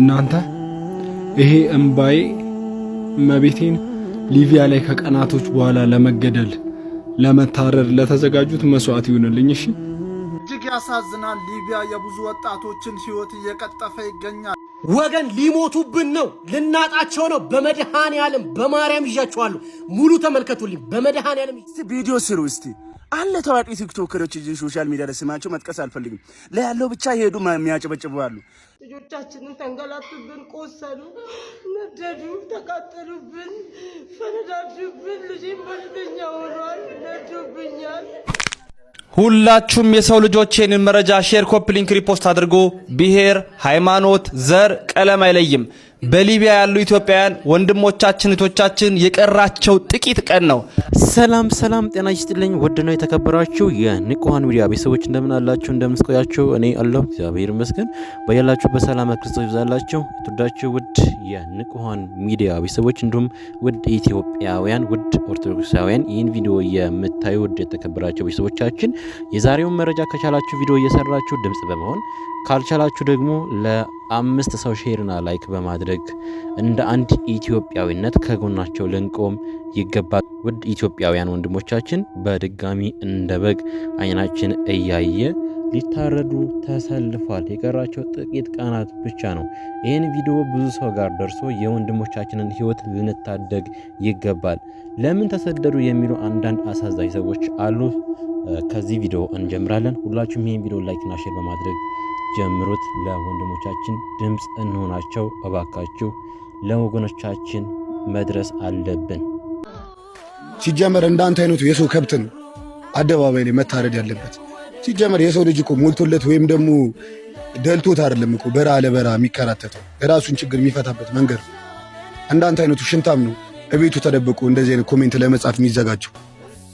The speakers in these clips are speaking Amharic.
እናንተ ይሄ እምባዬ እመቤቴን ሊቪያ ላይ ከቀናቶች በኋላ ለመገደል ለመታረድ ለተዘጋጁት መስዋዕት ይሁንልኝ። እሺ፣ እጅግ ያሳዝናል። ሊቢያ የብዙ ወጣቶችን ህይወት እየቀጠፈ ይገኛል። ወገን ሊሞቱብን ነው፣ ልናጣቸው ነው። በመድኃኔ ዓለም በማርያም ይዣቸዋለሁ። ሙሉ ተመልከቱልኝ። በመድኃኔ ቪዲዮ ስሩ እስቲ አለ ታዋቂ ቲክቶከሮች ሶሻል ሚዲያ ላይ ስማቸው መጥቀስ አልፈልግም። ለያለው ብቻ ይሄዱ የሚያጨበጭቡ አሉ። ልጆቻችንን ተንገላቱብን፣ ቆሰሉ፣ ነደዱ፣ ተቃጠሉብን፣ ፈነዳዱብን። ልጅም በሽተኛ ሆኗል፣ ነዱብኛል። ሁላችሁም የሰው ልጆች ይህንን መረጃ ሼር፣ ኮፕ፣ ሊንክ፣ ሪፖስት አድርጎ ብሔር፣ ሃይማኖት፣ ዘር፣ ቀለም አይለይም በሊቢያ ያሉ ኢትዮጵያውያን ወንድሞቻችን እህቶቻችን የቀራቸው ጥቂት ቀን ነው። ሰላም ሰላም፣ ጤና ይስጥልኝ ወድ ነው የተከበራችሁ የንቁሃን ሚዲያ ቤተሰቦች እንደምን አላችሁ? እንደምን እኔ አለሁ እግዚአብሔር ይመስገን። በያላችሁ በሰላም ክርስቶስ ይብዛላችሁ። የተወዳችሁ ውድ የንቁሃን ሚዲያ ቤተሰቦች እንዲሁም ውድ ኢትዮጵያውያን፣ ውድ ኦርቶዶክሳውያን ይህን ቪዲዮ የምታዩ ውድ የተከበራቸው ቤተሰቦቻችን የዛሬውን መረጃ ከቻላችሁ ቪዲዮ እየሰራችሁ ድምጽ በመሆን ካልቻላችሁ ደግሞ ለአምስት ሰው ሼርና ላይክ በማድረግ እንደ አንድ ኢትዮጵያዊነት ከጎናቸው ልንቆም ይገባል። ውድ ኢትዮጵያውያን ወንድሞቻችን በድጋሚ እንደ በግ አይናችን እያየ ሊታረዱ ተሰልፏል። የቀራቸው ጥቂት ቀናት ብቻ ነው። ይህን ቪዲዮ ብዙ ሰው ጋር ደርሶ የወንድሞቻችንን ሕይወት ልንታደግ ይገባል። ለምን ተሰደዱ የሚሉ አንዳንድ አሳዛኝ ሰዎች አሉ። ከዚህ ቪዲዮ እንጀምራለን። ሁላችሁም ይህን ቪዲዮ ላይክና ሼር በማድረግ ጀምሩት። ለወንድሞቻችን ድምፅ እንሆናቸው እባካችሁ። ለወገኖቻችን መድረስ አለብን። ሲጀመር እንዳንተ አይነቱ የሰው ከብት ነው አደባባይ ላይ መታረድ ያለበት። ሲጀመር የሰው ልጅ እኮ ሞልቶለት ወይም ደግሞ ደልቶት አይደለም እኮ በራ ለበራ የሚከራተተው የራሱን ችግር የሚፈታበት መንገድ ነው። እንዳንተ አይነቱ ሽንታም ነው እቤቱ ተደብቆ እንደዚህ አይነት ኮሜንት ለመጻፍ የሚዘጋጀው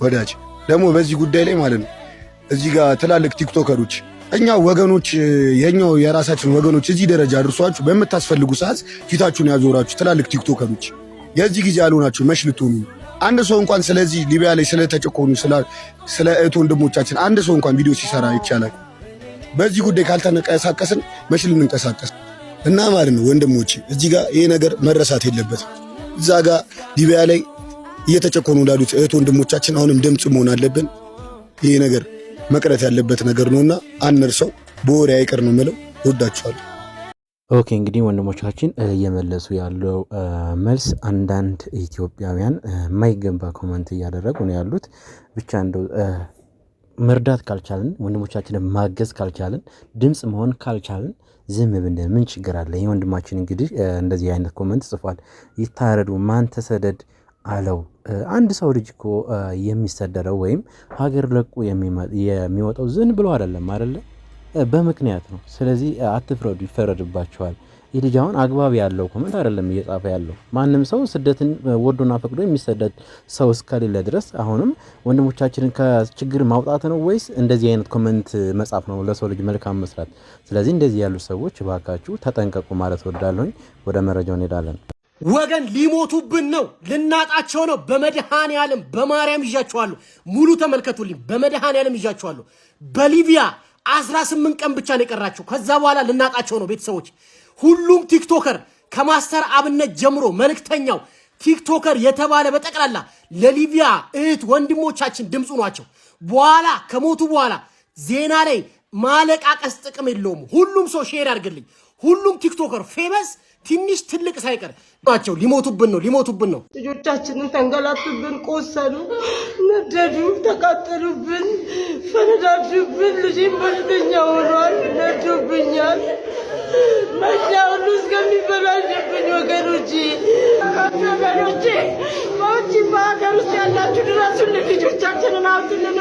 ወዳጅ ደግሞ በዚህ ጉዳይ ላይ ማለት ነው እዚህ ጋር ትላልቅ ቲክቶከሮች እኛ ወገኖች የኛው የራሳችን ወገኖች እዚህ ደረጃ አድርሷችሁ በምታስፈልጉ ሰዓት ፊታችሁን ያዞራችሁ ትላልቅ ቲክቶከሮች የዚህ ጊዜ ያልሆናችሁ መች ልትሆኑ? አንድ ሰው እንኳን ስለዚህ ሊቢያ ላይ ስለተጨቆኑ ስለ እህት ወንድሞቻችን አንድ ሰው እንኳን ቪዲዮ ሲሰራ ይቻላል። በዚህ ጉዳይ ካልተንቀሳቀስን መች ልንንቀሳቀስ እና ማለት ነው ወንድሞች እዚህ ጋር ይሄ ነገር መረሳት የለበትም። እዛ ጋ ሊቢያ ላይ እየተጨቆኑ ላሉት እህት ወንድሞቻችን አሁንም ድምፅ መሆን አለብን ይሄ ነገር መቅረት ያለበት ነገር ነውና አንርሰው፣ በወሬ አይቀር ነው የምለው። እወዳችኋለሁ። ኦኬ እንግዲህ ወንድሞቻችን እየመለሱ ያለው መልስ አንዳንድ ኢትዮጵያውያን የማይገባ ኮመንት እያደረጉ ነው ያሉት። ብቻ እንደው መርዳት ካልቻልን ወንድሞቻችንን ማገዝ ካልቻልን ድምፅ መሆን ካልቻልን ዝም ብንል ምን ችግር አለ? ይህ ወንድማችን እንግዲህ እንደዚህ አይነት ኮመንት ጽፏል። ይታረዱ፣ ማን ተሰደድ አለው። አንድ ሰው ልጅ እኮ የሚሰደደው ወይም ሀገር ለቆ የሚወጣው ዝም ብሎ አይደለም አይደለ? በምክንያት ነው። ስለዚህ አትፍረዱ፣ ይፈረድባቸዋል። ይህ ልጅ አሁን አግባብ ያለው ኮመንት አይደለም እየጻፈ ያለው። ማንም ሰው ስደትን ወዶና ፈቅዶ የሚሰደድ ሰው እስከሌለ ድረስ አሁንም ወንድሞቻችንን ከችግር ማውጣት ነው ወይስ እንደዚህ አይነት ኮመንት መጻፍ ነው ለሰው ልጅ መልካም መስራት? ስለዚህ እንደዚህ ያሉ ሰዎች እባካችሁ ተጠንቀቁ ማለት ወዳለሁኝ። ወደ መረጃው እንሄዳለን። ወገን ሊሞቱብን ነው፣ ልናጣቸው ነው። በመድሃን ዓለም በማርያም ይዣችኋለሁ። ሙሉ ተመልከቱልኝ። በመድኃኔ ዓለም ይዣችኋለሁ። በሊቢያ አስራ ስምንት ቀን ብቻ ነው የቀራቸው። ከዛ በኋላ ልናጣቸው ነው ቤተሰቦች። ሁሉም ቲክቶከር ከማስተር አብነት ጀምሮ መልክተኛው ቲክቶከር የተባለ በጠቅላላ ለሊቢያ እህት ወንድሞቻችን ድምፁ ናቸው። በኋላ ከሞቱ በኋላ ዜና ላይ ማለቃቀስ ጥቅም የለውም። ሁሉም ሰው ሼር ያድርግልኝ። ሁሉም ቲክቶከር ፌመስ ትንሽ ትልቅ ሳይቀር ቸው ሊሞቱብን ነው፣ ሊሞቱብን ነው። ልጆቻችንን ተንገላቱብን፣ ቆሰሉ፣ ነደዱ፣ ተቃጠሉብን፣ ፈነዳዱብን። ልጅም በሽተኛ ሆኗል፣ ነዱብኛል። መኪና ሁሉ እስከሚበላሽብኝ ወገኖቼ፣ ዘመዶቼ፣ በውጭ በሀገር ውስጥ ያላችሁ ድረሱልን፣ ልጆቻችንን አብትልን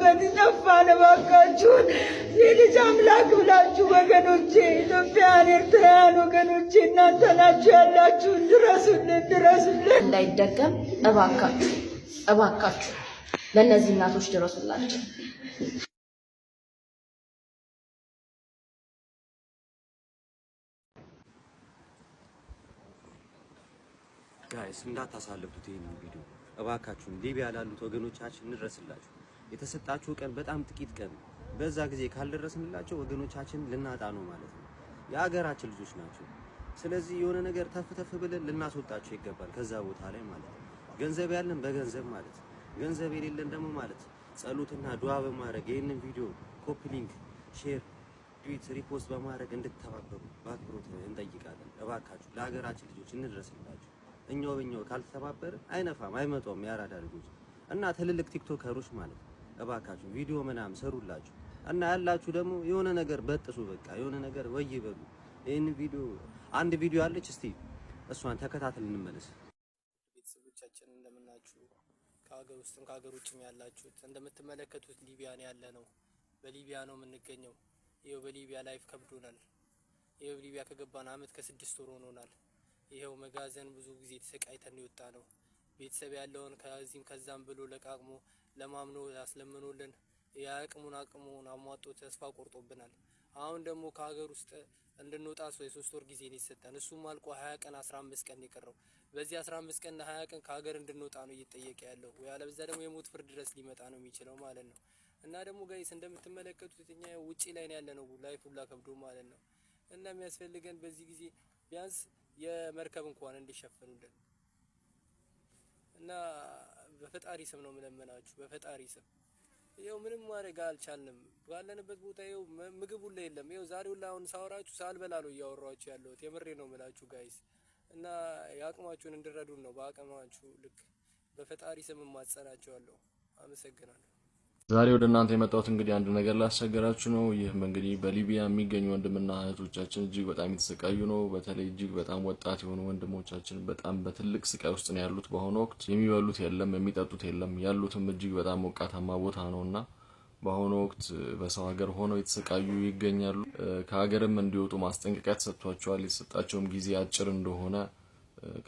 በዚህ ጠፋ ለባካ ያደረጋችሁን የልጅ አምላክ ብላችሁ ወገኖቼ፣ ኢትዮጵያን ኤርትራውያን ወገኖቼ እናንተ ናችሁ ያላችሁን፣ ድረሱልን፣ ድረሱልን እንዳይደገም እባካችሁ፣ እባካችሁ ለእነዚህ እናቶች ድረሱላቸው። ጋይስ እንዳታሳልፉት ይሄን ቪዲዮ እባካችሁን፣ ሊቢያ ላሉት ወገኖቻችን እንድረስላችሁ። የተሰጣችሁ ቀን በጣም ጥቂት ቀን ነው። በዛ ጊዜ ካልደረስንላቸው ወገኖቻችን ልናጣ ነው ማለት ነው። የሀገራችን ልጆች ናቸው። ስለዚህ የሆነ ነገር ተፍ ተፍ ብለን ልናስወጣቸው ይገባል ከዛ ቦታ ላይ ማለት ነው። ገንዘብ ያለን በገንዘብ ማለት ገንዘብ የሌለን ደግሞ ማለት ጸሎትና ዱዓ በማድረግ ይህንን ቪዲዮ ኮፒ ሊንክ፣ ሼር፣ ትዊት፣ ሪፖስት በማድረግ እንድትተባበሩ በአክብሮት እንጠይቃለን። እባካችሁ ለሀገራችን ልጆች እንድረስላችሁ። እኛው በኛው ካልተባበረ አይነፋም አይመጣም። ያራዳ ልጆች እና ትልልቅ ቲክቶከሮች ማለት እባካችሁ ቪዲዮ ምናምን ሰሩላችሁ እና ያላችሁ ደግሞ የሆነ ነገር በጥሱ፣ በቃ የሆነ ነገር ወይ በሉ። ይህን ቪዲዮ አንድ ቪዲዮ አለች፣ እስቲ እሷን ተከታተል እንመለስ። ቤተሰቦቻችን እንደምናችሁ፣ ከሀገር ውስጥም ከሀገር ውጭም ያላችሁት እንደምትመለከቱት ሊቢያ ነው ያለ ነው። በሊቢያ ነው የምንገኘው። ይኸው በሊቢያ ላይፍ ከብዶናል። ይኸው ሊቢያ ከገባን አመት ከስድስት ወር ሆኖናል። ይኸው መጋዘን ብዙ ጊዜ ተሰቃይተን የወጣ ነው። ቤተሰብ ያለውን ከዚህም ከዛም ብሎ ለቃቅሞ ለማምኖ ያስለምኖልን። የአቅሙን አቅሙን አሟጦ ተስፋ ቆርጦብናል። አሁን ደግሞ ከሀገር ውስጥ እንድንወጣ ሰው የሶስት ወር ጊዜ ነው የሰጠን። እሱም አልቆ ሀያ ቀን አስራ አምስት ቀን የቀረው በዚህ አስራ አምስት ቀንና ሀያ ቀን ከሀገር እንድንወጣ ነው እየጠየቀ ያለው። ያለበዛ ደግሞ የሞት ፍርድ ድረስ ሊመጣ ነው የሚችለው ማለት ነው። እና ደግሞ ጋይስ እንደምትመለከቱት እኛ ውጪ ላይ ነው ያለ ነው ላይፍ ሁላ ከብዶ ማለት ነው። እና የሚያስፈልገን በዚህ ጊዜ ቢያንስ የመርከብ እንኳን እንዲሸፍኑልን እና በፈጣሪ ስም ነው የምለምናችሁ በፈጣሪ ስም ይኸው ምንም ማድረግ አልቻልንም። ባለንበት ቦታ ይኸው ምግብ ሁላ የለም። ይኸው ዛሬ ሁላ አሁን ሳወራችሁ ሳልበላ ነው እያወራችሁ ያለሁት። የምሬ ነው ምላችሁ ጋይስ እና የአቅማችሁን እንድረዱን ነው በአቅማችሁ ልክ በፈጣሪ ስም ማጸናቸዋለሁ። አመሰግናለሁ። ዛሬ ወደ እናንተ የመጣሁት እንግዲህ አንድ ነገር ላስቸገራችሁ ነው። ይህም እንግዲህ በሊቢያ የሚገኙ ወንድምና እህቶቻችን እጅግ በጣም የተሰቃዩ ነው። በተለይ እጅግ በጣም ወጣት የሆኑ ወንድሞቻችን በጣም በትልቅ ስቃይ ውስጥ ነው ያሉት። በአሁኑ ወቅት የሚበሉት የለም፣ የሚጠጡት የለም። ያሉትም እጅግ በጣም ሞቃታማ ቦታ ነው እና በአሁኑ ወቅት በሰው ሀገር ሆነው የተሰቃዩ ይገኛሉ። ከሀገርም እንዲወጡ ማስጠንቀቂያ ተሰጥቷቸዋል። የተሰጣቸውም ጊዜ አጭር እንደሆነ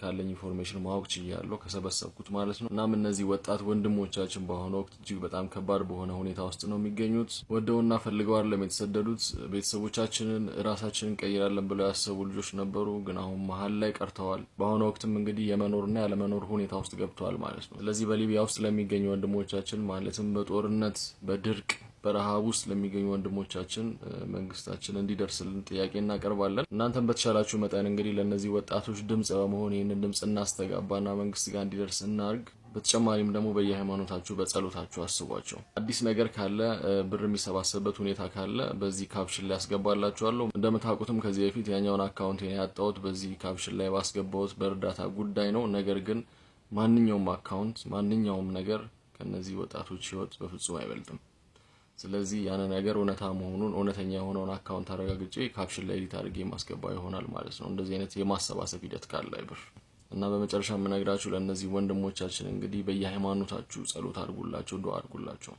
ካለኝ ኢንፎርሜሽን ማወቅ ችያለሁ ከሰበሰብኩት ማለት ነው። እናም እነዚህ ወጣት ወንድሞቻችን በአሁኑ ወቅት እጅግ በጣም ከባድ በሆነ ሁኔታ ውስጥ ነው የሚገኙት። ወደውና ፈልገው አይደለም የተሰደዱት። ቤተሰቦቻችንን እራሳችንን ቀይራለን ብለው ያሰቡ ልጆች ነበሩ፣ ግን አሁን መሀል ላይ ቀርተዋል። በአሁኑ ወቅትም እንግዲህ የመኖርና ያለመኖር ሁኔታ ውስጥ ገብተዋል ማለት ነው። ስለዚህ በሊቢያ ውስጥ ለሚገኙ ወንድሞቻችን ማለትም በጦርነት በድርቅ በረሃብ ውስጥ ለሚገኙ ወንድሞቻችን መንግስታችን እንዲደርስልን ጥያቄ እናቀርባለን። እናንተም በተሻላችሁ መጠን እንግዲህ ለእነዚህ ወጣቶች ድምፅ በመሆን ይህንን ድምፅ እናስተጋባና መንግስት ጋር እንዲደርስ እናርግ። በተጨማሪም ደግሞ በየሃይማኖታችሁ በጸሎታችሁ አስቧቸው። አዲስ ነገር ካለ ብር የሚሰባሰብበት ሁኔታ ካለ በዚህ ካፕሽን ላይ ያስገባላችኋለሁ። እንደምታውቁትም ከዚህ በፊት ያኛውን አካውንት ያጣሁት በዚህ ካፕሽን ላይ ባስገባሁት በእርዳታ ጉዳይ ነው። ነገር ግን ማንኛውም አካውንት ማንኛውም ነገር ከእነዚህ ወጣቶች ህይወት በፍጹም አይበልጥም። ስለዚህ ያን ነገር እውነታ መሆኑን እውነተኛ የሆነውን አካውንት አረጋግጬ ካፕሽን ላይ ኤዲት አድርጌ ማስገባ ይሆናል ማለት ነው። እንደዚህ አይነት የማሰባሰብ ሂደት ካለ አይብር እና በመጨረሻ የምነግራችሁ ለእነዚህ ወንድሞቻችን እንግዲህ በየሃይማኖታችሁ ጸሎት አድርጉላቸው፣ ዱዓ አድርጉላቸው።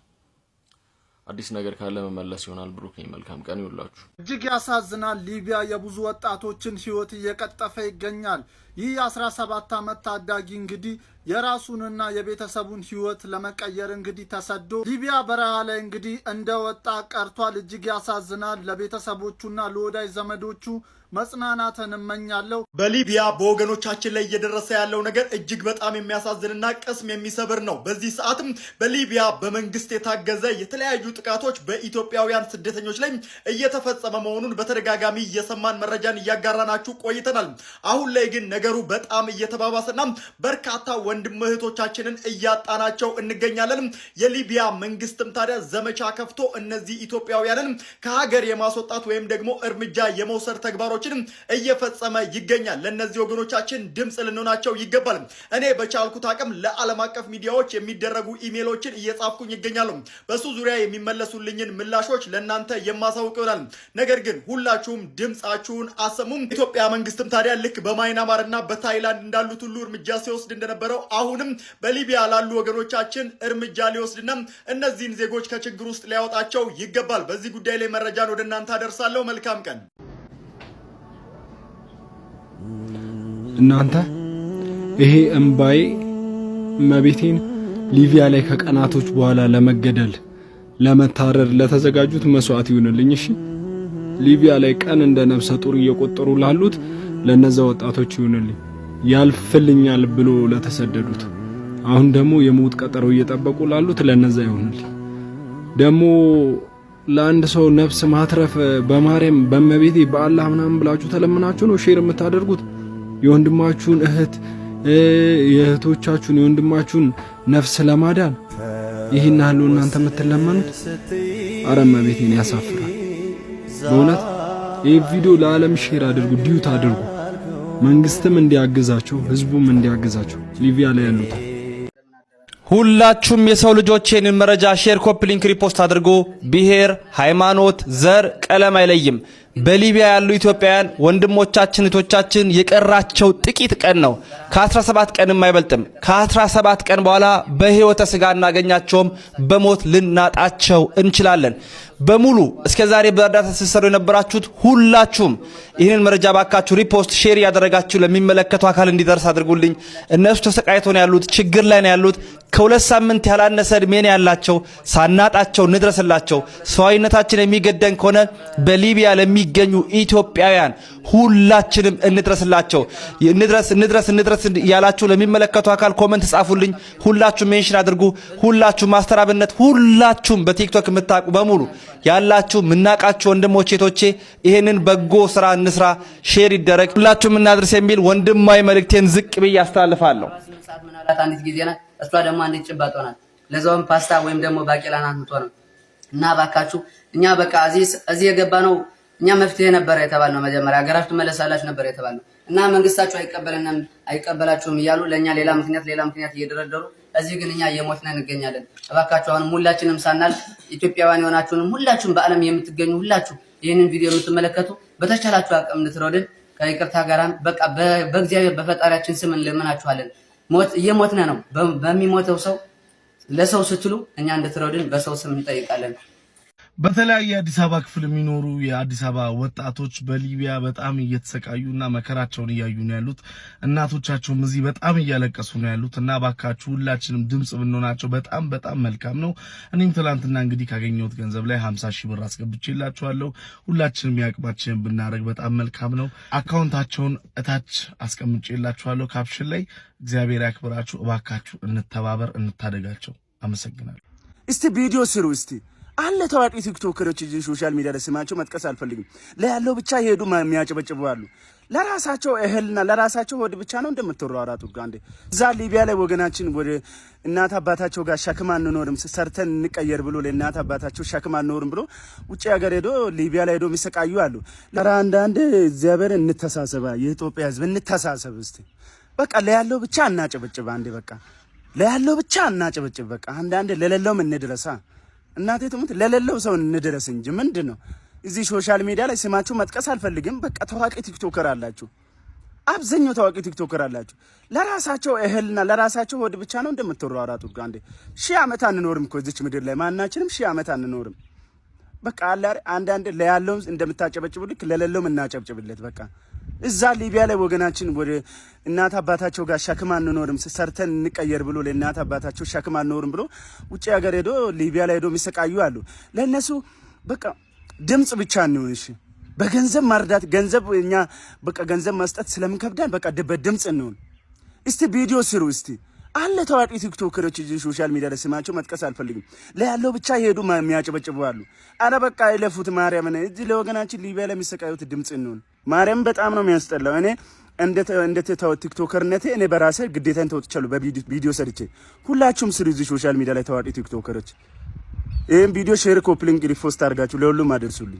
አዲስ ነገር ካለ መመለስ ይሆናል። ብሩክ ነኝ። መልካም ቀን ይውላችሁ። እጅግ ያሳዝናል። ሊቢያ የብዙ ወጣቶችን ህይወት እየቀጠፈ ይገኛል። ይህ የ ሰባት ዓመት ታዳጊ እንግዲህ የራሱንና የቤተሰቡን ህይወት ለመቀየር እንግዲህ ተሰዶ ሊቢያ በረሃ ላይ እንግዲህ እንደወጣ ቀርቷል። እጅግ ያሳዝናል። ለቤተሰቦቹና ለወዳጅ ዘመዶቹ መጽናናትን እመኛለሁ። በሊቢያ በወገኖቻችን ላይ እየደረሰ ያለው ነገር እጅግ በጣም የሚያሳዝንና ቅስም የሚሰብር ነው። በዚህ ሰዓትም በሊቢያ በመንግስት የታገዘ የተለያዩ ጥቃቶች በኢትዮጵያውያን ስደተኞች ላይ እየተፈጸመ መሆኑን በተደጋጋሚ እየሰማን መረጃን እያጋራናችሁ ቆይተናል። አሁን ላይ ግን ነገሩ በጣም እየተባባሰና በርካታ ወንድም እህቶቻችንን እያጣናቸው እንገኛለን። የሊቢያ መንግስትም ታዲያ ዘመቻ ከፍቶ እነዚህ ኢትዮጵያውያንን ከሀገር የማስወጣት ወይም ደግሞ እርምጃ የመውሰድ ተግባሮችን እየፈጸመ ይገኛል። ለእነዚህ ወገኖቻችን ድምፅ ልንሆናቸው ይገባል። እኔ በቻልኩት አቅም ለዓለም አቀፍ ሚዲያዎች የሚደረጉ ኢሜሎችን እየጻፍኩኝ ይገኛሉ። በሱ ዙሪያ የሚመለሱልኝን ምላሾች ለእናንተ የማሳውቅ ይሆናል። ነገር ግን ሁላችሁም ድምፃችሁን አሰሙም። ኢትዮጵያ መንግስትም ታዲያ ልክ በማይናማርና በታይላንድ እንዳሉት ሁሉ እርምጃ ሲወስድ እንደነበረው ነው። አሁንም በሊቢያ ላሉ ወገኖቻችን እርምጃ ሊወስድና እነዚህን ዜጎች ከችግር ውስጥ ሊያወጣቸው ይገባል። በዚህ ጉዳይ ላይ መረጃን ወደ እናንተ አደርሳለሁ። መልካም ቀን። እናንተ ይሄ እምባዬ እመቤቴን ሊቢያ ላይ ከቀናቶች በኋላ ለመገደል ለመታረድ ለተዘጋጁት መስዋዕት ይሁንልኝ። እሺ ሊቢያ ላይ ቀን እንደ ነፍሰ ጡር እየቆጠሩ ላሉት ለነዛ ወጣቶች ይሁንልኝ። ያልፍልኛል ብሎ ለተሰደዱት አሁን ደግሞ የሞት ቀጠሮ እየጠበቁ ላሉት ለነዛ ይሆናል። ደግሞ ለአንድ ሰው ነፍስ ማትረፍ በማርያም በመቤቴ በአላህ ምናምን ብላችሁ ተለምናችሁ ነው ሼር የምታደርጉት። የወንድማችሁን እህት የእህቶቻችሁን የወንድማችሁን ነፍስ ለማዳን ይህን ያህል እናንተ የምትለመኑት አረ መቤቴን ያሳፍራል በእውነት። ይህ ቪዲዮ ለዓለም ሼር አድርጉ፣ ዲዩት አድርጉ። መንግስትም እንዲያግዛቸው ህዝቡም እንዲያግዛቸው ሊቪያ ላይ ያሉት ሁላችሁም የሰው ልጆች ይህንን መረጃ ሼር፣ ኮፕ፣ ሊንክ፣ ሪፖስት አድርጎ ብሔር፣ ሃይማኖት፣ ዘር፣ ቀለም አይለይም። በሊቢያ ያሉ ኢትዮጵያውያን ወንድሞቻችን እህቶቻችን የቀራቸው ጥቂት ቀን ነው። ከ17 ቀንም አይበልጥም። ከ17 ቀን በኋላ በሕይወተ ሥጋ እናገኛቸውም፣ በሞት ልናጣቸው እንችላለን። በሙሉ እስከ ዛሬ በእርዳታ ስትሰሩ የነበራችሁት ሁላችሁም ይህንን መረጃ ባካችሁ ሪፖስት፣ ሼር ያደረጋችሁ ለሚመለከቱ አካል እንዲደርስ አድርጉልኝ። እነሱ ተሰቃይቶ ነው ያሉት፣ ችግር ላይ ነው ያሉት። ከሁለት ሳምንት ያላነሰ እድሜ ያላቸው። ሳናጣቸው እንድረስላቸው። ሰዋዊነታችን የሚገደን ከሆነ በሊቢያ ለሚ የሚገኙ ኢትዮጵያውያን ሁላችንም እንድረስላቸው። እንድረስ እንድረስ እንድረስ ያላችሁ ለሚመለከቱ አካል ኮመንት ጻፉልኝ። ሁላችሁም ሜንሽን አድርጉ። ሁላችሁም ማስተራብነት፣ ሁላችሁም በቲክቶክ የምታውቁ በሙሉ ያላችሁ ምናቃችሁ ወንድሞቼ ቶቼ ይሄንን በጎ ስራ እንስራ፣ ሼር ይደረግ፣ ሁላችሁም እናድርስ የሚል ወንድማዊ መልእክቴን ዝቅ ብዬ አስተላልፋለሁ። ጊዜ እሷ ደግሞ አንድ ጭባጦ ናት። ለዛውም ፓስታ ወይም ደግሞ ባቄላ ናት ምትሆነው እና እባካችሁ እኛ በቃ እዚህ የገባ ነው እኛ መፍትሄ ነበረ የተባልነው መጀመሪያ ሀገራችሁ ትመለሳላችሁ ነበር የተባልነው እና መንግስታችሁ አይቀበልንም አይቀበላችሁም እያሉ ለእኛ ሌላ ምክንያት ሌላ ምክንያት እየደረደሩ እዚህ ግን እኛ እየሞትን እንገኛለን። እባካችሁ አሁንም ሁላችንም ሳናል ኢትዮጵያውያን የሆናችሁንም ሁላችሁም በዓለም የምትገኙ ሁላችሁ ይህንን ቪዲዮ የምትመለከቱ በተቻላችሁ አቅም እንድትረዱን ከይቅርታ ጋራም በቃ በእግዚአብሔር በፈጣሪያችን ስም እንለምናችኋለን። ሞት ነው። በሚሞተው ሰው ለሰው ስትሉ እኛ እንድትረዱን በሰው ስም እንጠይቃለን። በተለያየ የአዲስ አበባ ክፍል የሚኖሩ የአዲስ አበባ ወጣቶች በሊቢያ በጣም እየተሰቃዩ እና መከራቸውን እያዩ ነው ያሉት። እናቶቻቸውም እዚህ በጣም እያለቀሱ ነው ያሉት እና ባካችሁ ሁላችንም ድምፅ ብንሆናቸው በጣም በጣም መልካም ነው። እኔም ትናንትና እንግዲህ ካገኘሁት ገንዘብ ላይ ሀምሳ ሺህ ብር አስገብቼላችኋለሁ። ሁላችንም የአቅማችንን ብናደርግ በጣም መልካም ነው። አካውንታቸውን እታች አስቀምጬላችኋለሁ ካፕሽን ላይ። እግዚአብሔር ያክብራችሁ። እባካችሁ እንተባበር፣ እንታደጋቸው። አመሰግናለሁ። እስቲ ቪዲዮ ስሩ እስቲ አለ ታዋቂ ቲክቶከሮች እዚህ ሶሻል ሚዲያ ላይ ስማቸው መጥቀስ አልፈልግም። ለያለው ብቻ ይሄዱ የሚያጨበጭቡ አሉ። ለራሳቸው እህልና ለራሳቸው ወድ ብቻ ነው እንደምትሯሯጡ። አንዴ እዛ ሊቢያ ላይ ወገናችን ወደ እናት አባታቸው ጋር ሸክም አንኖርም ሰርተን እንቀየር ብሎ ለእናት አባታቸው ሸክም አንኖርም ብሎ ውጭ ሀገር ሄዶ ሊቢያ ላይ ሄዶ የሚሰቃዩ አሉ። ራ አንዳንድ እግዚአብሔር እንተሳሰባ የኢትዮጵያ ሕዝብ እንተሳሰብ። እስቲ በቃ ለያለው ብቻ እናጨበጭብ። አንዴ በቃ ለያለው ብቻ እናጨበጭብ። በቃ አንዳንድ ለሌለውም እንድረሳ እናቴ ትሙት ለሌለው ሰው እንድረስ እንጂ ምንድን ነው እዚህ ሶሻል ሚዲያ ላይ ስማችሁ መጥቀስ አልፈልግም። በቃ ታዋቂ ቲክቶከር አላችሁ፣ አብዛኛው ታዋቂ ቲክቶከር አላችሁ። ለራሳቸው እህልና ለራሳቸው ሆድ ብቻ ነው እንደምትሯሯጡ። አንዴ ሺህ ዓመት አንኖርም እኮ እዚች ምድር ላይ ማናችንም ሺህ ዓመት አንኖርም። በቃ አላሪ አንዳንድ ለያለውም እንደምታጨበጭቡ ልክ ለሌለውም እናጨብጭብለት በቃ እዛ ሊቢያ ላይ ወገናችን ወደ እናት አባታቸው ጋር ሸክም አንኖርም ሰርተን እንቀየር ብሎ ለእናት አባታቸው ሸክም አንኖርም ብሎ ውጭ ሀገር ሄዶ ሊቢያ ላይ ሄዶ የሚሰቃዩ አሉ። ለእነሱ በቃ ድምፅ ብቻ እንሆን። እሺ በገንዘብ ማርዳት ገንዘብ እኛ በቃ ገንዘብ መስጠት ስለምንከብዳን በቃ በድምፅ እንሆን። እስቲ ቪዲዮ ስሩ እስቲ አለ ታዋቂ ቲክቶከሮች ሶሻል ሚዲያ ላይ ስማቸው መጥቀስ አልፈልግም። ለያለው ብቻ ይሄዱ የሚያጨበጭቡ አሉ። አረ በቃ የለፉት ማርያምን። ለወገናችን ሊቢያ ለሚሰቃዩት የሚሰቃዩት ድምፅ እንሆን። ማርያም በጣም ነው የሚያስጠላው። እኔ እንደተተው ቲክቶከርነቴ እኔ በራሴ ግዴታን ተወጥቻለሁ። በቪዲዮ ሰርቼ ሁላችሁም ስሩ። እዚህ ሶሻል ሚዲያ ላይ ታዋቂ ቲክቶከሮች ይህም ቪዲዮ ሼር፣ ኮፕሊንግ፣ ሪፖስት አድርጋችሁ ለሁሉም አደርሱልኝ።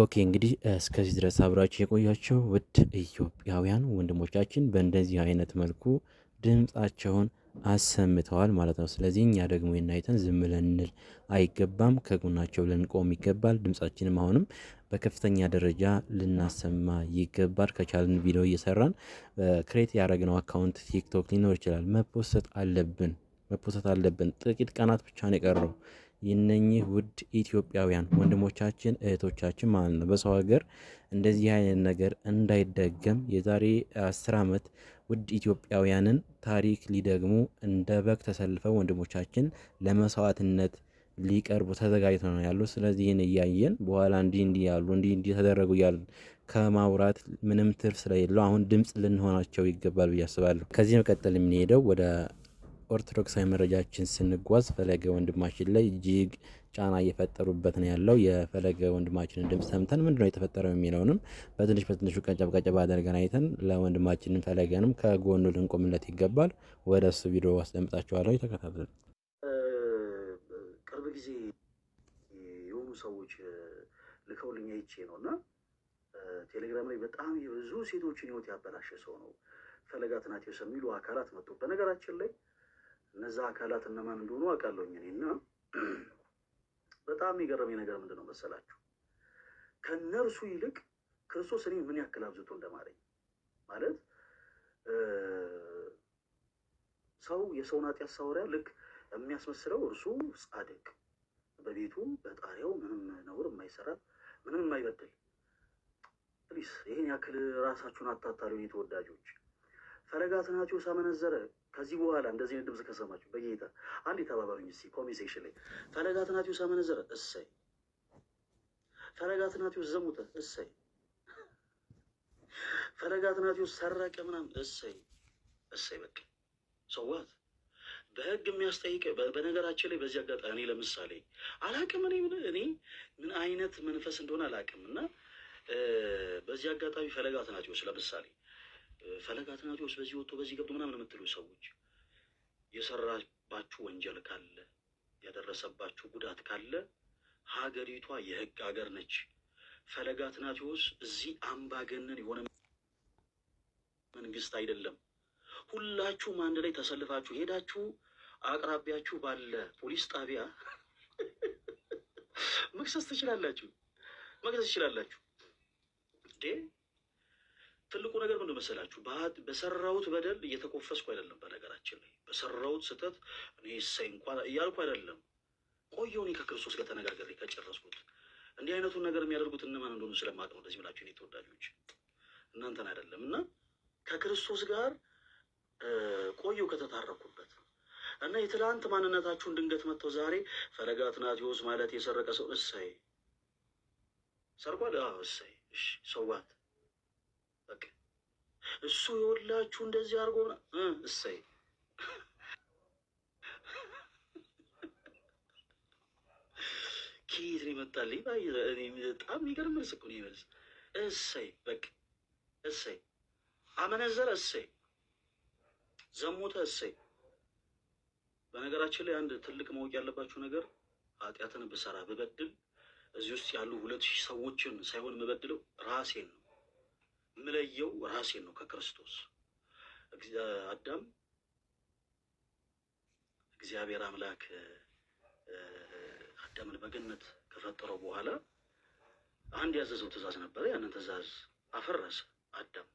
ኦኬ እንግዲህ እስከዚህ ድረስ አብራችሁ የቆያቸው ውድ ኢትዮጵያውያን ወንድሞቻችን በእንደዚህ አይነት መልኩ ድምፃቸውን አሰምተዋል ማለት ነው። ስለዚህ እኛ ደግሞ የናይተን ዝም ልንል አይገባም፣ ከጎናቸው ልንቆም ይገባል። ድምጻችንም አሁንም በከፍተኛ ደረጃ ልናሰማ ይገባል። ከቻልን ቪዲዮ እየሰራን ክሬት ያደረግነው አካውንት ቲክቶክ ሊኖር ይችላል። መፖሰት አለብን መፖሰት አለብን። ጥቂት ቀናት ብቻ ነው የቀረው። የነኚህ ውድ ኢትዮጵያውያን ወንድሞቻችን እህቶቻችን ማለት ነው በሰው ሀገር እንደዚህ አይነት ነገር እንዳይደገም የዛሬ አስር ዓመት ውድ ኢትዮጵያውያንን ታሪክ ሊደግሙ እንደ በግ ተሰልፈው ወንድሞቻችን ለመስዋዕትነት ሊቀርቡ ተዘጋጅተው ነው ያሉት። ስለዚህ ይህን እያየን በኋላ እንዲህ እንዲህ ያሉ እንዲህ እንዲህ ተደረጉ እያሉ ከማውራት ምንም ትርፍ ስለሌለው አሁን ድምፅ ልንሆናቸው ይገባል ብዬ አስባለሁ። ከዚህ መቀጠል የምንሄደው ወደ ኦርቶዶክሳዊ መረጃችን ስንጓዝ ፈለገ ወንድማችን ላይ እጅግ ጫና እየፈጠሩበት ነው ያለው። የፈለገ ወንድማችንን ድምፅ ሰምተን ነው የተፈጠረው የሚለውንም በትንሽ በትንሹ ቀጨብ አደርገን አይተን ለወንድማችንን ፈለገንም ከጎኑ ልንቆምለት ይገባል። ወደ እሱ ቪዲዮ አስደምጣቸዋለሁ። ተከታተሉ። ጊዜ የሆኑ ሰዎች ልከውልኝ አይቼ ነው እና ቴሌግራም ላይ በጣም የብዙ ሴቶችን ህይወት ያበላሸ ሰው ነው ፈለገ አትናቴዎስ የሚሉ አካላት መጡ። በነገራችን ላይ እነዛ አካላት እነማን እንደሆኑ አውቃለሁኝ እኔ እና በጣም የገረመኝ ነገር ምንድን ነው መሰላችሁ? ከነርሱ ይልቅ ክርስቶስ እኔ ምን ያክል አብዝቶ እንደማረኝ ማለት ሰው የሰውን ኃጢአት ሳወሪያ ልክ የሚያስመስለው እርሱ ጻድቅ በቤቱ በጣሪያው ምንም ነውር የማይሰራ ምንም የማይበድል ፕሊስ፣ ይህን ያክል ራሳችሁን አታታሉ ተወዳጆች። ፈለገ አትናቴዎስ አመነዘረ። ከዚህ በኋላ እንደዚህ አይነት ድምፅ ከሰማችሁ በጌታ አንድ የተባባሉኝ እስኪ ኮሜንት ሴክሽን ላይ ፈለገ አትናቴዎስ አመነዘረ፣ እሰይ። ፈለገ አትናቴዎስ ዘሙተ፣ እሰይ። ፈለገ አትናቴዎስ ሰረቀ ምናምን፣ እሰይ፣ እሰይ። በቃ ሰዋት በህግ የሚያስጠይቅ በነገራችን ላይ በዚህ አጋጣሚ እኔ ለምሳሌ አላቅም እኔ እኔ ምን አይነት መንፈስ እንደሆነ አላቅም እና በዚህ አጋጣሚ ፈለገ አትናትዮስ ለምሳሌ ፈለገ አትናትዮስ በዚህ ወጥቶ በዚህ ገብቶ ምናምን የምትሉ ሰዎች የሰራባችሁ ወንጀል ካለ ያደረሰባችሁ ጉዳት ካለ ሀገሪቷ የህግ ሀገር ነች። ፈለገ አትናትዮስ እዚህ አምባገነን የሆነ መንግስት አይደለም። ሁላችሁም አንድ ላይ ተሰልፋችሁ ሄዳችሁ አቅራቢያችሁ ባለ ፖሊስ ጣቢያ መክሰስ ትችላላችሁ። መክሰስ ትችላላችሁ። ትልቁ ነገር ምንድን መሰላችሁ? በሰራሁት በደል እየተኮፈስኩ አይደለም። በነገራችን ላይ በሰራሁት ስህተት እኔ እሰይ እንኳን እያልኩ አይደለም። ቆየሁ እኔ ከክርስቶስ ጋር ተነጋግሬ ከጨረስኩት። እንዲህ አይነቱን ነገር የሚያደርጉት እነማን እንደሆኑ ስለማቅ ነው። እንደዚህ ብላችሁ እኔ ተወዳጆች እናንተን አይደለም እና ከክርስቶስ ጋር ቆዩ ከተታረኩበት እና የትላንት ማንነታችሁን ድንገት መጥተው ዛሬ ፈለገ አትናቴዎስ ማለት የሰረቀ ሰው እሰይ ሰርቋል፣ እሰይ ሰዋት እሱ የወላችሁ እንደዚህ አድርጎ እሰይ ከየት ነው ይመጣልኝ? በጣም የሚገርም መልስ ነው። ይመልስ እሰይ በቃ እሰይ አመነዘር እሰይ ዘሙተ እሰይ። በነገራችን ላይ አንድ ትልቅ ማወቅ ያለባችሁ ነገር ኃጢአትን ብሰራ ብበድል እዚህ ውስጥ ያሉ ሁለት ሺህ ሰዎችን ሳይሆን የምበድለው ራሴን ነው የምለየው ራሴን ነው ከክርስቶስ አዳም እግዚአብሔር አምላክ አዳምን በገነት ከፈጠረው በኋላ አንድ ያዘዘው ትእዛዝ ነበረ። ያንን ትእዛዝ አፈረሰ አዳም።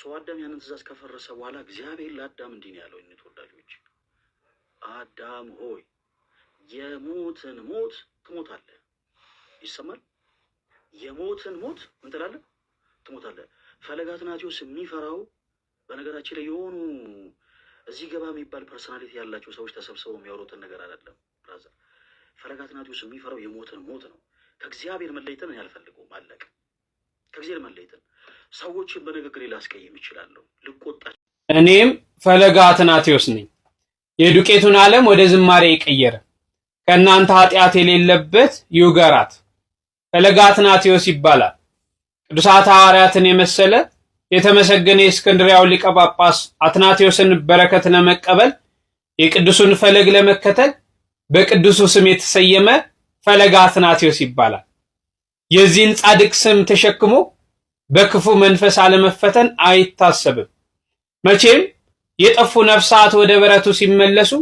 ሰው አዳም ያንን ትእዛዝ ከፈረሰ በኋላ እግዚአብሔር ለአዳም እንዲህ ነው ያለው። እኔ ተወዳጆች አዳም ሆይ የሞትን ሞት ትሞታለህ። ይሰማል? የሞትን ሞት ምን ትላለህ? ትሞታለህ። ፈለገ አትናቴዎስ የሚፈራው በነገራችን ላይ የሆኑ እዚህ ገባ የሚባል ፐርሶናሊቲ ያላቸው ሰዎች ተሰብስበው የሚያወሩትን ነገር አይደለም። ብራዘር ፈለገ አትናቴዎስ የሚፈራው የሞትን ሞት ነው። ከእግዚአብሔር መለየትን እኔ አልፈልገውም። አለቅ ከእግዚአብሔር መለየትን ሰዎችን በንግግር ላስቀይም እችላለሁ፣ ልቆጣ። እኔም ፈለገ አትናቴዎስ ነኝ፣ የዱቄቱን ዓለም ወደ ዝማሬ የቀየረ ከእናንተ ኃጢአት የሌለበት ይውገራት። ፈለገ አትናቴዎስ ይባላል። ቅዱሳት ሐዋርያትን የመሰለ የተመሰገነ የእስክንድሪያው ሊቀ ጳጳስ አትናቴዎስን በረከት ለመቀበል የቅዱሱን ፈለግ ለመከተል በቅዱሱ ስም የተሰየመ ፈለገ አትናቴዎስ ይባላል። የዚህን ጻድቅ ስም ተሸክሞ በክፉ መንፈስ አለመፈተን አይታሰብም። መቼም የጠፉ ነፍሳት ወደ በረቱ ሲመለሱ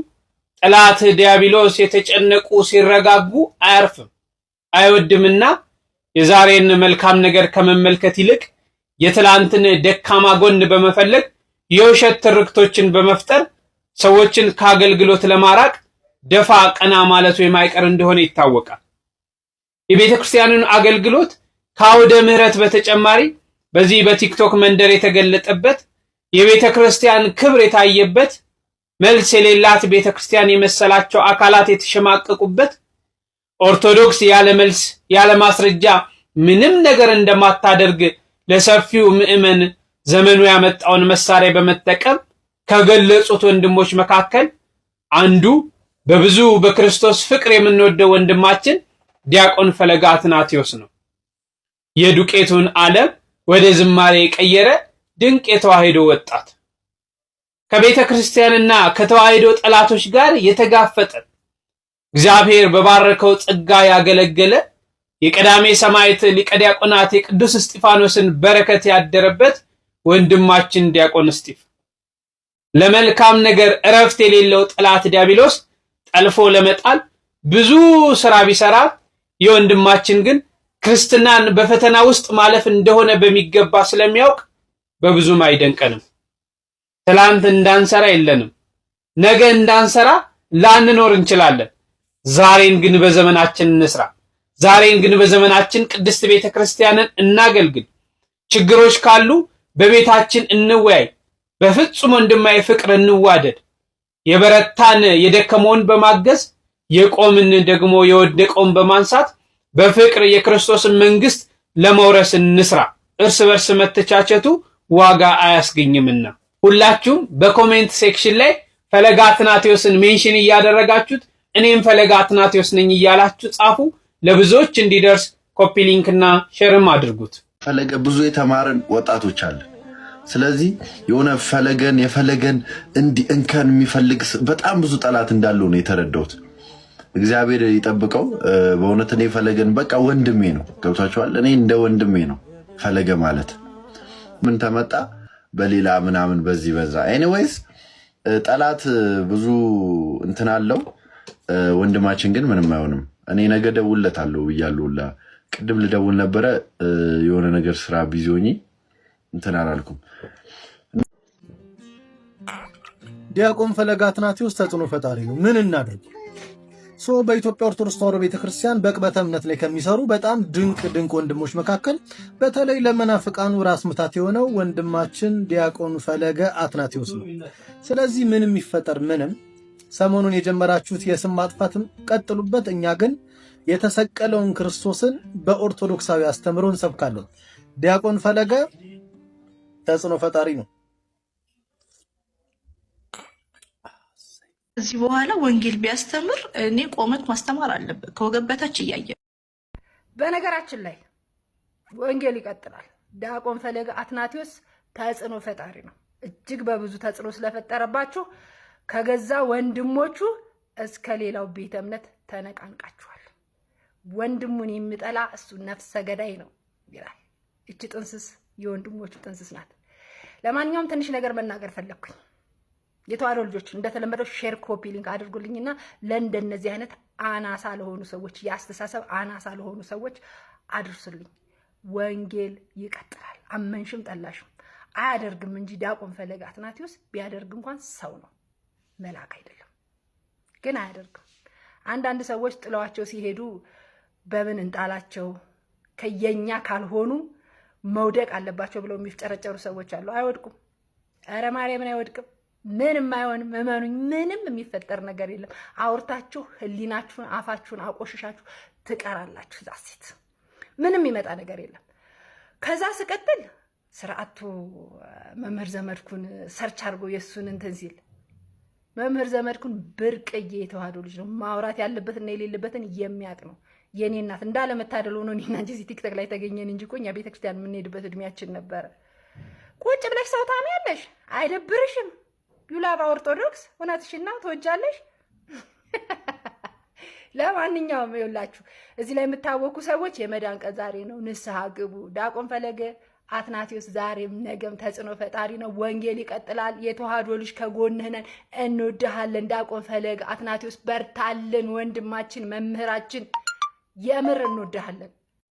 ጠላት ዲያብሎስ የተጨነቁ ሲረጋጉ አያርፍም አይወድምና የዛሬን መልካም ነገር ከመመልከት ይልቅ የትላንትን ደካማ ጎን በመፈለግ የውሸት ትርክቶችን በመፍጠር ሰዎችን ከአገልግሎት ለማራቅ ደፋ ቀና ማለቱ የማይቀር እንደሆነ ይታወቃል። የቤተ ክርስቲያንን አገልግሎት ከአውደ ምሕረት በተጨማሪ በዚህ በቲክቶክ መንደር የተገለጠበት የቤተ ክርስቲያን ክብር የታየበት መልስ የሌላት ቤተ ክርስቲያን የመሰላቸው አካላት የተሸማቀቁበት ኦርቶዶክስ ያለ መልስ ያለ ማስረጃ ምንም ነገር እንደማታደርግ ለሰፊው ምዕመን ዘመኑ ያመጣውን መሳሪያ በመጠቀም ከገለጹት ወንድሞች መካከል አንዱ በብዙ በክርስቶስ ፍቅር የምንወደው ወንድማችን ዲያቆን ፈለገ አትናቴዎስ ነው። የዱቄቱን ዓለም ወደ ዝማሬ የቀየረ ድንቅ የተዋህዶ ወጣት ከቤተ ክርስቲያንና ከተዋህዶ ጠላቶች ጋር የተጋፈጠ እግዚአብሔር በባረከው ጸጋ ያገለገለ የቀዳሜ ሰማዕት ሊቀ ዲያቆናት የቅዱስ እስጢፋኖስን በረከት ያደረበት ወንድማችን ዲያቆን እስጢፍ ለመልካም ነገር እረፍት የሌለው ጠላት ዲያብሎስ ጠልፎ ለመጣል ብዙ ስራ ቢሰራ የወንድማችን ግን ክርስትናን በፈተና ውስጥ ማለፍ እንደሆነ በሚገባ ስለሚያውቅ በብዙም አይደንቀንም። ትላንት እንዳንሰራ የለንም፣ ነገ እንዳንሰራ ላንኖር እንችላለን። ዛሬን ግን በዘመናችን እንስራ። ዛሬን ግን በዘመናችን ቅድስት ቤተ ክርስቲያንን እናገልግል። ችግሮች ካሉ በቤታችን እንወያይ። በፍጹም ወንድማዊ ፍቅር እንዋደድ። የበረታን የደከመውን በማገዝ የቆምን ደግሞ የወደቀውን በማንሳት በፍቅር የክርስቶስን መንግስት ለመውረስ እንስራ። እርስ በርስ መተቻቸቱ ዋጋ አያስገኝምና ሁላችሁም በኮሜንት ሴክሽን ላይ ፈለገ አትናቴዎስን ሜንሽን እያደረጋችሁት እኔም ፈለገ አትናቴዎስ ነኝ እያላችሁ ጻፉ። ለብዙዎች እንዲደርስ ኮፒ ሊንክና ሼርም አድርጉት። ፈለገ ብዙ የተማርን ወጣቶች አለ። ስለዚህ የሆነ ፈለገን የፈለገን እንዲ እንከን የሚፈልግ በጣም ብዙ ጠላት እንዳለው ነው የተረዳሁት። እግዚአብሔር ይጠብቀው። በእውነት እኔ ፈለገን በቃ ወንድሜ ነው። ገብቷችኋል? እኔ እንደ ወንድሜ ነው ፈለገ ማለት። ምን ተመጣ በሌላ ምናምን በዚህ በዛ። ኤኒዌይስ ጠላት ብዙ እንትን አለው። ወንድማችን ግን ምንም አይሆንም። እኔ ነገ ደውልለታለሁ ብያለሁ። ላ ቅድም ልደውል ነበረ የሆነ ነገር ስራ ቢዚ ሆኜ እንትን አላልኩም። ዲያቆን ፈለገ አትናቴዎስ ተጽዕኖ ፈጣሪ ነው። ምን እናደርግ ሶ በኢትዮጵያ ኦርቶዶክስ ተዋሕዶ ቤተክርስቲያን በቅበተ እምነት ላይ ከሚሰሩ በጣም ድንቅ ድንቅ ወንድሞች መካከል በተለይ ለመናፍቃኑ ራስ ምታት የሆነው ወንድማችን ዲያቆኑ ፈለገ አትናቴዎስ ነው። ስለዚህ ምንም ይፈጠር ምንም፣ ሰሞኑን የጀመራችሁት የስም ማጥፋት ቀጥሉበት። እኛ ግን የተሰቀለውን ክርስቶስን በኦርቶዶክሳዊ አስተምህሮ እንሰብካለን። ዲያቆን ፈለገ ተጽዕኖ ፈጣሪ ነው። ከዚህ በኋላ ወንጌል ቢያስተምር እኔ ቆመት ማስተማር አለበት፣ ከወገብ በታች እያየ። በነገራችን ላይ ወንጌል ይቀጥላል። ዲያቆን ፈለገ አትናቴዎስ ተጽዕኖ ፈጣሪ ነው። እጅግ በብዙ ተጽዕኖ ስለፈጠረባችሁ ከገዛ ወንድሞቹ እስከ ሌላው ቤተ እምነት ተነቃንቃችኋል። ወንድሙን የሚጠላ እሱ ነፍሰ ገዳይ ነው ይላል። እች ጥንስስ የወንድሞቹ ጥንስስ ናት። ለማንኛውም ትንሽ ነገር መናገር ፈለግኩኝ። የተዋለው ልጆች እንደተለመደው ሼር ኮፒ ሊንክ እና ለእንደነዚህ አይነት አናሳ ለሆኑ ሰዎች የአስተሳሰብ አናሳ ለሆኑ ሰዎች አድርሱልኝ። ወንጌል ይቀጥላል። አመንሽም ጠላሽም አያደርግም እንጂ ዲያቆን ፈለገ አትናቲዮስ ቢያደርግ እንኳን ሰው ነው፣ መልአክ አይደለም። ግን አያደርግም። አንዳንድ ሰዎች ጥለዋቸው ሲሄዱ በምን እንጣላቸው ከየኛ ካልሆኑ መውደቅ አለባቸው ብለው የሚፍጨረጨሩ ሰዎች አሉ። አይወድቁም። ኧረ ማርያምን አይወድቅም። ምንም አይሆንም። እመኑኝ፣ ምንም የሚፈጠር ነገር የለም። አውርታችሁ ህሊናችሁን፣ አፋችሁን አቆሽሻችሁ ትቀራላችሁ። እዛ ሴት ምንም ይመጣ ነገር የለም። ከዛ ስቀጥል ስርዓቱ መምህር ዘመድኩን ሰርች አድርጎ የእሱን እንትን ሲል መምህር ዘመድኩን ብርቅዬ የተዋህዶ ልጅ ነው። ማውራት ያለበትና የሌለበትን የሚያውቅ ነው። የእኔ እናት እንዳለመታደል ሆኖ እኔና እንጂ እዚህ ቲክቶክ ላይ ተገኘን እንጂ እኮ እኛ ቤተክርስቲያን የምንሄድበት እድሜያችን ነበረ። ቁጭ ብለሽ ሰው ታሚ ያለሽ አይደብርሽም? ዩላባ ኦርቶዶክስ እውነትሽን ነው ትወጃለሽ። ለማንኛውም ይኸውላችሁ እዚህ ላይ የምታወቁ ሰዎች የመዳን ቀን ዛሬ ነው፣ ንስሐ ግቡ። ዲያቆን ፈለገ አትናቴዎስ ዛሬም ነገም ተጽዕኖ ፈጣሪ ነው። ወንጌል ይቀጥላል። የተዋህዶ ልጅ ከጎንህ ነን፣ እንወድሃለን። ዲያቆን ፈለገ አትናቴዎስ በርታልን፣ ወንድማችን መምህራችን፣ የምር እንወድሃለን።